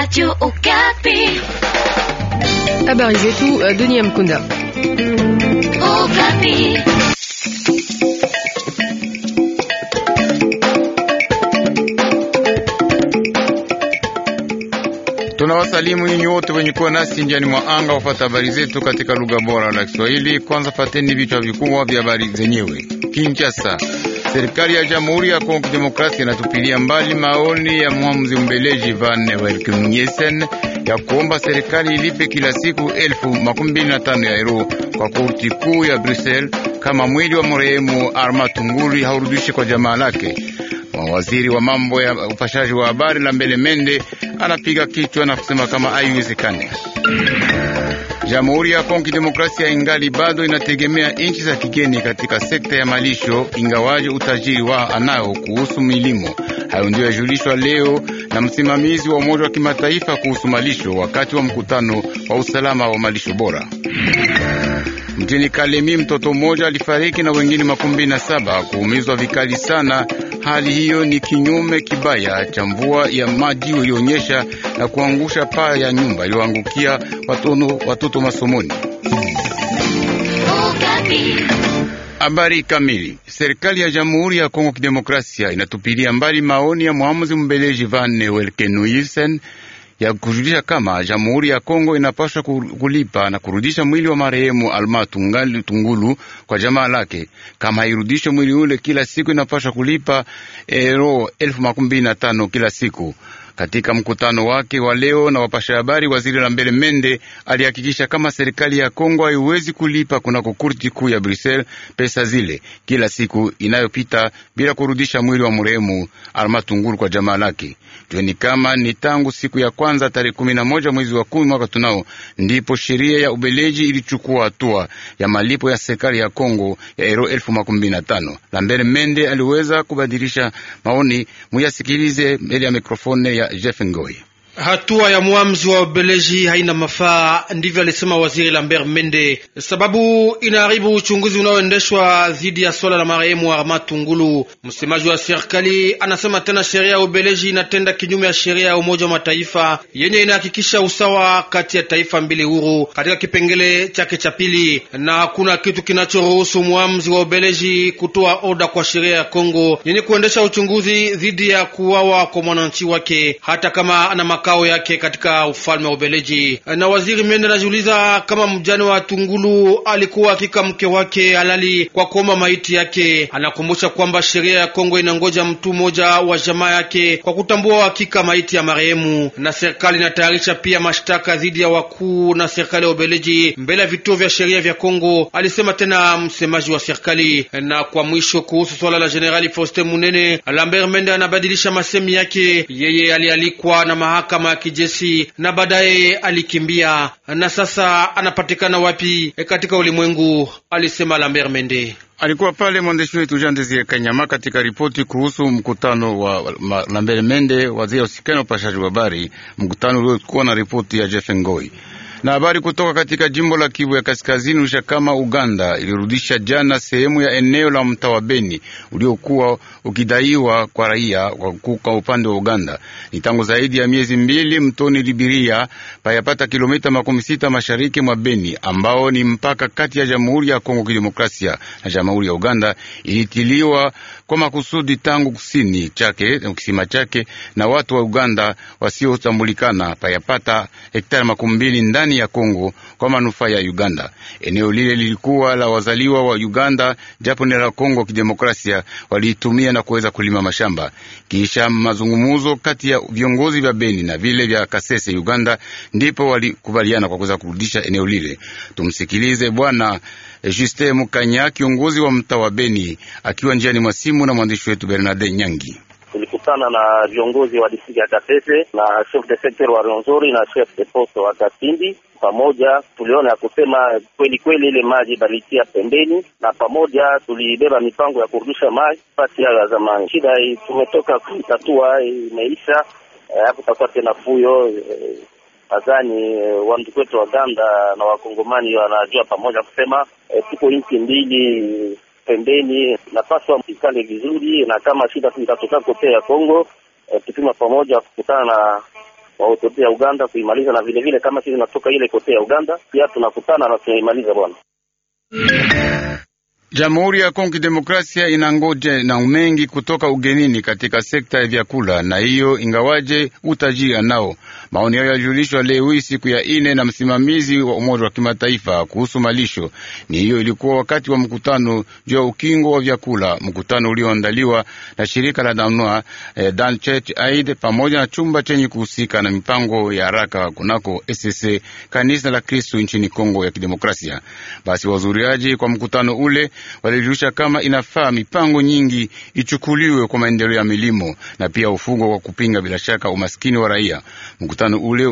Radio Okapi. Habari zetu, uh, Denis Mkunda. Okapi. Tunawasalimu nyinyi wote wenye kuwa nasi njiani mwa anga wafata habari zetu katika lugha bora la Kiswahili. Kwanza fateni vichwa vikubwa vya habari zenyewe. Kinshasa Serikali ya Jamhuri ya Kongo Demokrasia inatupilia mbali maoni ya mwamuzi mbeleji Van Welkemunyesen ya kuomba serikali ilipe kila siku elfu makumi mbili na tano ya euro kwa korti kuu ya Brussels kama mwili wa marehemu Arma Tunguri haurudishi kwa jamaa lake. Waziri wa mambo ya upashaji wa habari mbele Mende anapiga kichwa na kusema kama haiwezekani. Jamhuri ya Kongo Demokrasia ingali bado inategemea nchi za kigeni katika sekta ya malisho, ingawaje utajiri wa anao kuhusu milimo. Hayo ndio yajulishwa leo na msimamizi wa Umoja wa Kimataifa kuhusu malisho wakati wa mkutano wa usalama wa malisho bora. Mjini Kalemi mtoto mmoja alifariki na wengine makumi na saba kuumizwa vikali sana. Hali hiyo ni kinyume kibaya cha mvua ya maji ilionyesha na kuangusha paa ya nyumba iliyoangukia watoto masomoni. Habari kamili. Serikali ya Jamhuri ya Kongo Kidemokrasia inatupilia mbali maoni ya mwamuzi Mbeleji Van newelkenuisen ya kujulisha kama Jamhuri ya Kongo inapaswa kulipa na kurudisha mwili wa marehemu Alma Tungali Tungulu kwa jamaa lake. Kama hairudishwe mwili ule, kila siku inapaswa kulipa euro elfu makumi mbili na tano kila siku. Katika mkutano wake wa leo na wapasha habari, waziri Lambert Mende alihakikisha kama serikali ya Kongo haiwezi kulipa kunako kurti kuu ya Brussels pesa zile kila siku inayopita bila kurudisha mwili wa mrehemu Almatunguru kwa jamaa lake. Jueni kama ni tangu siku ya kwanza tarehe kumi na moja mwezi wa kumi mwaka tunao, ndipo sheria ya Ubeleji ilichukua hatua ya malipo ya serikali ya Kongo ya ero elfu makumi mbili na tano. Lambele Mende aliweza kubadilisha maoni, muyasikilize mbele ya mikrofone ya جيفن جوي Hatua ya mwamzi wa Ubeleji haina mafaa, ndivyo alisema waziri Lambert Mende, sababu inaharibu uchunguzi unaoendeshwa dhidi ya swala la marehemu Arma Tungulu. Msemaji wa serikali anasema tena sheria ya Ubeleji inatenda kinyume ya sheria ya Umoja wa Mataifa yenye inahakikisha usawa kati ya taifa mbili huru katika kipengele chake cha pili, na hakuna kitu kinachoruhusu mwamzi wa Ubeleji kutoa oda kwa sheria ya Kongo yenye kuendesha uchunguzi dhidi ya kuwawa kwa mwananchi wake hata kama ana makao yake katika ufalme wa Ubeleji. Na waziri Mende anajiuliza kama mjane wa Tungulu alikuwa afika mke wake halali kwa kuomba maiti yake. Anakumbusha kwamba sheria ya Kongo inangoja mtu mmoja wa jamaa yake kwa kutambua hakika maiti ya marehemu, na serikali inatayarisha pia mashtaka dhidi ya wakuu na serikali ya Ubeleji mbele ya vituo vya sheria vya Kongo, alisema tena msemaji wa serikali. Na kwa mwisho kuhusu swala la Generali Faustin Munene, Lambert Mende anabadilisha masemi yake. Yeye alialikwa na mahakama mahakama ya kijeshi na baadaye alikimbia, na sasa anapatikana wapi e, katika ulimwengu? Alisema Lambert Mende. Alikuwa pale mwandishi wetu Jean Desire Kanyama katika ripoti kuhusu mkutano wa Lambert Mende, waziri wa usikani wa upashaji wa habari, mkutano uliokuwa na ripoti ya Jeff Ngoi. Na habari kutoka katika jimbo la Kivu ya Kaskazini, kama Uganda ilirudisha jana sehemu ya eneo la mtaa wa Beni uliokuwa ukidaiwa kwa raia kwa upande wa Uganda. Ni tangu zaidi ya miezi mbili mtoni Libiria payapata kilomita makumi sita mashariki mwa Beni, ambao ni mpaka kati ya Jamhuri ya Kongo Kidemokrasia na Jamhuri ya Uganda, ilitiliwa kwa makusudi tangu kusini chake kisima chake na watu wa Uganda wasiotambulikana payapata hektari makumi mbili ndani ndani ya Kongo kwa manufaa ya Uganda. Eneo lile lilikuwa la wazaliwa wa Uganda, japo ni la Kongo Kidemokrasia, waliitumia na kuweza kulima mashamba. Kisha mazungumuzo kati ya viongozi vya Beni na vile vya Kasese Uganda, ndipo walikubaliana kwa kuweza kurudisha eneo lile. Tumsikilize Bwana Juste Mukanya, kiongozi wa mtaa wa Beni, akiwa njiani mwa simu na mwandishi wetu Bernard Nyangi tulikutana na viongozi wa district ya Katese na chef de secteur wa Ronzori na chef de poste wa Kasindi. Pamoja tuliona ya kusema kweli kweli ile maji balitia pembeni, na pamoja tulibeba mipango ya kurudisha maji pasi ya zamani. Shida tumetoka kuitatua, imeisha eh, hapo takuwa tena fuyo eh, Nadhani eh, wandugu wetu Waganda na Wakongomani wanajua pamoja kusema tuko nchi mbili pembeni, napaswa ikale vizuri, na kama shida itatokea kote ya Kongo e, eh, tupima pamoja kukutana na waotote ya Uganda kuimaliza, na vile vile kama sisi tunatoka ile kote ya Uganda pia tunakutana na tunaimaliza bwana Jamhuri ya Kongo Demokrasia ngoja na mengi kutoka ugenini katika sekta ya vyakula, na hiyo ingawaje utajiri nao. Maoni hayo yalijulishwa leo hii siku ya ine na msimamizi wa Umoja wa Kimataifa kuhusu malisho. Ni hiyo ilikuwa wakati wa mkutano juu ya ukingo wa vyakula, mkutano ulioandaliwa na shirika la Danua eh, Dan Church Aid pamoja na chumba chenye kuhusika na mipango ya haraka kunako SS kanisa la Kristo nchini Kongo ya Kidemokrasia. Basi wazuriaji kwa mkutano ule walijulisha kama inafaa mipango nyingi ichukuliwe kwa maendeleo ya milimo na pia ufungwa kwa kupinga bila shaka umaskini wa raia. Mkutano ule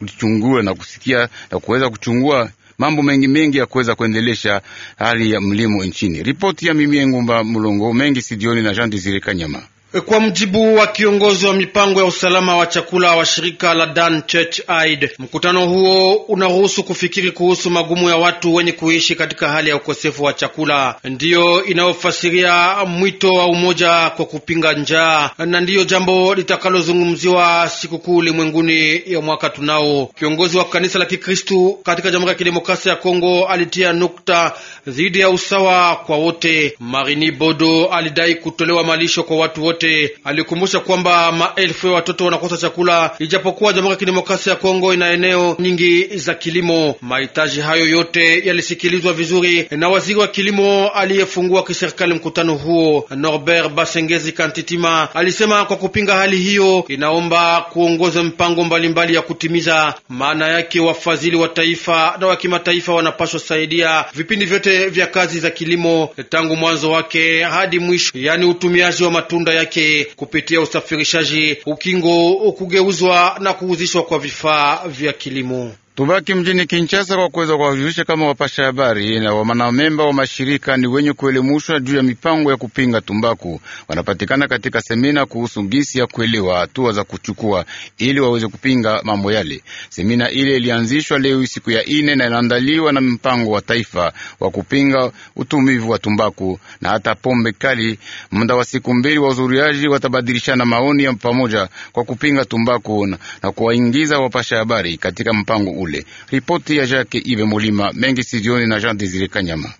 ulichungua na kusikia na kuweza kuchungua mambo mengi mengi ya kuweza kuendelesha hali ya mlimo nchini. Ripoti ya Mimie Ngumba Mulongo mengi sidioni na Jean Desire Kanyama. E, kwa mjibu wa kiongozi wa mipango ya usalama wa chakula wa shirika la Dan Church Aid, mkutano huo unaruhusu kufikiri kuhusu magumu ya watu wenye kuishi katika hali ya ukosefu wa chakula, ndiyo inayofasiria mwito wa umoja kwa kupinga njaa, na ndiyo jambo litakalozungumziwa sikukuu ulimwenguni ya mwaka tunao. Kiongozi wa kanisa la Kikristu katika Jamhuri ya Kidemokrasia ya Kongo alitia nukta dhidi ya usawa kwa wote. Marini Bodo alidai kutolewa malisho kwa watu wote yote. Alikumbusha kwamba maelfu ya watoto wanakosa chakula, ijapokuwa Jamhuri ya Kidemokrasia ya Kongo ina eneo nyingi za kilimo. Mahitaji hayo yote yalisikilizwa vizuri na waziri wa kilimo aliyefungua kiserikali mkutano huo, Norbert Basengezi Kantitima, alisema kwa kupinga hali hiyo inaomba kuongoza mpango mbalimbali mbali ya kutimiza. Maana yake wafadhili wa taifa na wa kimataifa wanapaswa saidia vipindi vyote vya kazi za kilimo tangu mwanzo wake hadi mwisho, yaani utumiaji wa matunda yake yake kupitia usafirishaji, ukingo, kugeuzwa na kuuzishwa kwa vifaa vya kilimo. Tubaki mjini Kinshasa kwa kuweza kuwajulisha kama wapasha habari na wanamemba wa mashirika ni wenye kuelemushwa juu ya mipango ya kupinga tumbaku. Wanapatikana katika semina kuhusu gisi ya kuelewa hatua za kuchukua ili waweze kupinga mambo yale. Semina ile ilianzishwa leo siku ya ine na inaandaliwa na mpango wa taifa wa kupinga utumivu wa tumbaku na hata pombe kali. Muda wa siku mbili, uzuriaji watabadilishana maoni ya pamoja kwa kupinga tumbaku na kuwaingiza wapasha habari katika mpango ule. Ripoti ya Jacques Ive molima mengi studioni na Jean Desire Kanyama.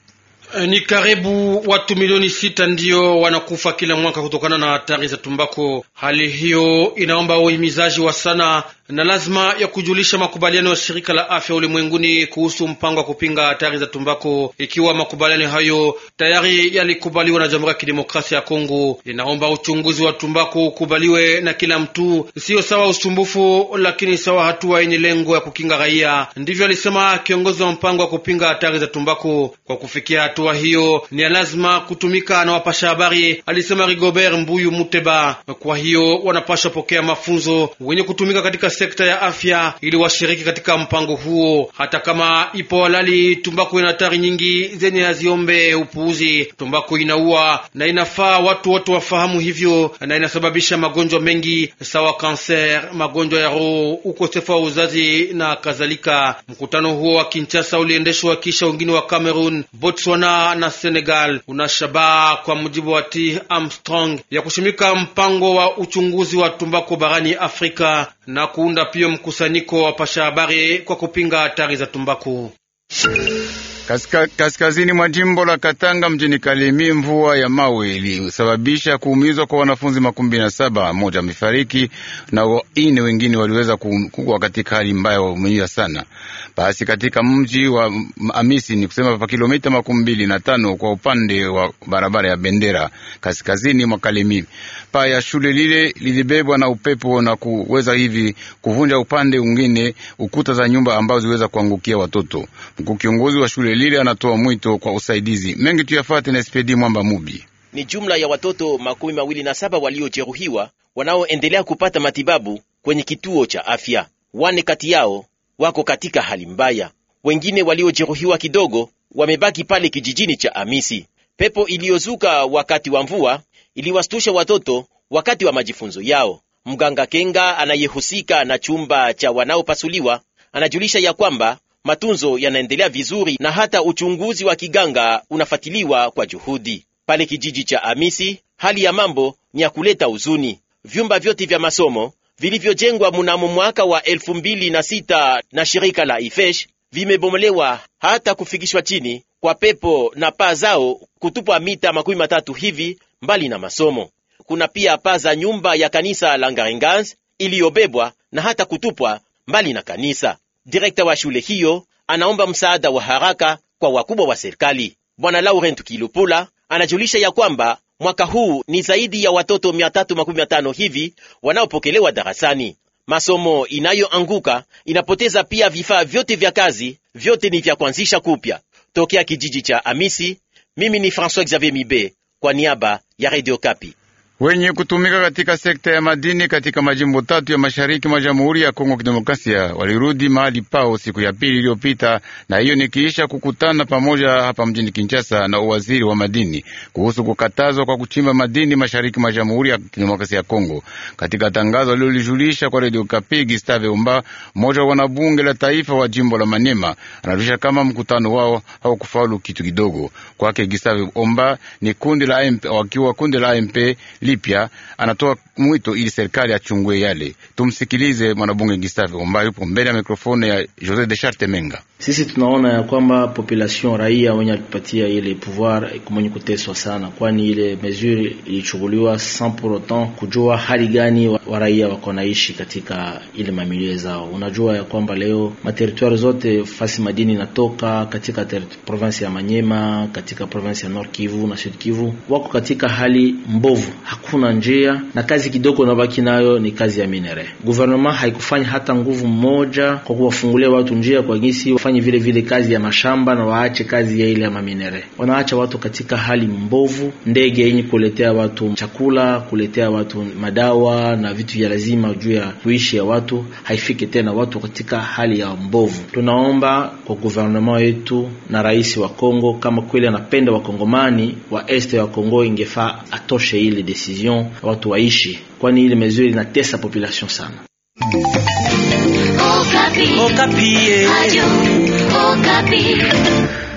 Eh, ni karibu watu milioni sita ndiyo wanakufa kila mwaka kutokana na hatari za tumbako. Hali hiyo inaomba uhimizaji wa sana na lazima ya kujulisha makubaliano ya shirika la afya ulimwenguni kuhusu mpango wa kupinga hatari za tumbako, ikiwa makubaliano hayo tayari yalikubaliwa na Jamhuri ya Kidemokrasia ya Kongo. Inaomba uchunguzi wa tumbako ukubaliwe na kila mtu, siyo sawa usumbufu, lakini sawa hatua yenye lengo ya kukinga raia. Ndivyo alisema kiongozi wa mpango wa kupinga hatari za tumbako. Kwa kufikia hatua hatua hiyo ni ya lazima kutumika na wapasha habari, alisema Rigobert Mbuyu Muteba. Kwa hiyo wanapasha pokea mafunzo wenye kutumika katika sekta ya afya ili washiriki katika mpango huo, hata kama ipo walali. Tumbaku ina hatari nyingi zenye haziombe upuuzi. Tumbaku inaua na inafaa watu wote wafahamu hivyo, na inasababisha magonjwa mengi sawa kanser, magonjwa ya roho, ukosefu wa uzazi na kadhalika. Mkutano huo wa Kinshasa uliendeshwa kisha wengine wa Cameroon, Botswana na Senegal una shabaha kwa mujibu wa T Armstrong ya kushimika mpango wa uchunguzi wa tumbako barani Afrika na kuunda pia mkusanyiko wa pasha habari kwa kupinga hatari za tumbako kaskazini mwa jimbo la Katanga mjini Kalemi, mvua ya mawe ilisababisha kuumizwa kwa wanafunzi makumi na saba, Mmoja amefariki na waine wengine waliweza kuwa katika hali mbaya, waumia sana. Basi katika mji wa Amisi ni kusema pa kilomita makumi mbili na tano kwa upande wa barabara ya Bendera kaskazini mwa Kalemi, paa ya shule lile lilibebwa na upepo na kuweza hivi kuvunja upande mwingine ukuta za nyumba ambazo ziweza kuangukia watoto. Mkuu kiongozi wa shule lile anatoa mwito kwa usaidizi mengi tuyafate na SPD mwamba mubi. Ni jumla ya watoto makumi mawili na saba waliojeruhiwa wanaoendelea kupata matibabu kwenye kituo cha afya. Wane kati yao wako katika hali mbaya, wengine waliojeruhiwa kidogo wamebaki pale kijijini cha Amisi. Pepo iliyozuka wakati wa mvua iliwastusha watoto wakati wa majifunzo yao. Mganga Kenga anayehusika na chumba cha wanaopasuliwa anajulisha ya kwamba matunzo yanaendelea vizuri na hata uchunguzi wa kiganga unafuatiliwa kwa juhudi. Pale kijiji cha Amisi, hali ya mambo ni ya kuleta huzuni. Vyumba vyote vya masomo vilivyojengwa mnamo mwaka wa elfu mbili na sita na shirika la Ifesh vimebomolewa hata kufikishwa chini kwa pepo na paa zao kutupwa mita makumi matatu hivi mbali na masomo. Kuna pia paa za nyumba ya kanisa la Ngaringans iliyobebwa na hata kutupwa mbali na kanisa direkta wa shule hiyo anaomba msaada wa haraka kwa wakubwa wa serikali. Bwana Laurent kilupula anajulisha ya kwamba mwaka huu ni zaidi ya watoto 315 hivi wanaopokelewa darasani. Masomo inayoanguka inapoteza pia vifaa vyote vya kazi, vyote ni vya kuanzisha kupya. Tokea kijiji cha Amisi, mimi ni François Xavier Mibe kwa niaba ya Radio Kapi wenye kutumika katika sekta ya madini katika majimbo tatu ya mashariki mwa Jamhuri ya Kongo Kidemokrasia walirudi mahali pao siku ya pili iliyopita, na hiyo nikiisha kukutana pamoja hapa mjini Kinshasa na uwaziri wa madini kuhusu kukatazwa kwa kuchimba madini mashariki mwa Jamhuri ya Kidemokrasia ya Kongo. Katika tangazo alilolijulisha kwa redio Kapi, Gustave Umba, mmoja wa wanabunge la taifa wa jimbo la Manema, anajulisha kama mkutano wao haukufaulu kitu kidogo. Kwake Gustave Umba ni kundi la MP, wakiwa kundi la MP lipya, anatoa mwito ili serikali achungue yale. Tumsikilize mwanabunge Gustave ambaye yupo mbele ya mikrofone ya Jose de Charte Menga. Sisi tunaona ya kwamba population raia wenye alipatia ile pouvoir kumwenye kuteswa sana, kwani ile mesure ilichukuliwa sans pour autant kujua hali gani wa, wa raia wako naishi katika ile mamilie zao. Unajua ya kwamba leo materitoire zote fasi madini inatoka katika province ya Manyema, katika province ya Nord Kivu na Sud Kivu wako katika hali mbovu hakuna njia na kazi kidogo nabaki nayo ni kazi ya minere. Guvernema haikufanya hata nguvu moja kwa kuwafungulia watu njia kwa gisi wafanye vile vile kazi ya mashamba na waache kazi ya ile ya maminere. Wanaacha watu katika hali mbovu, ndege yenye kuletea watu chakula, kuletea watu madawa na vitu vya lazima juu ya kuishi ya watu haifike tena, watu katika hali ya mbovu. Tunaomba kwa guvernema yetu na rais wa Kongo, kama kweli anapenda wakongomani wa este wa Kongo, ingefaa atoshe ile decision watu waishi, kwani ile mesure inatesa population sana. Okapi. Okapi. Eh. Okapi.